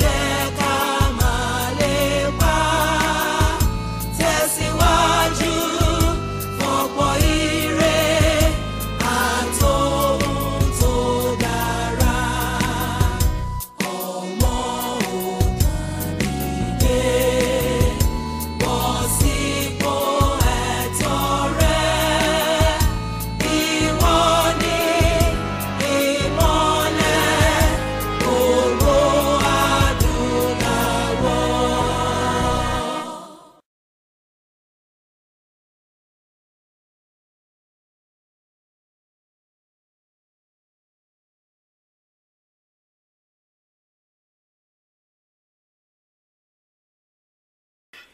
yeah.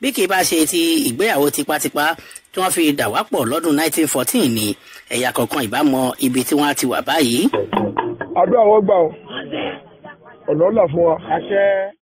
bí kì í bá ṣe ti ìgbéyàwó tipátipá tí wọ́n fi dà wá pọ̀ 1914 ni ẹ̀yà kọ̀ọ̀kan ìbámọ ibi tí wọ́n ti wà báyìí. àdúrà wọn gbà ọ ọ̀nà ọ̀là fún wa.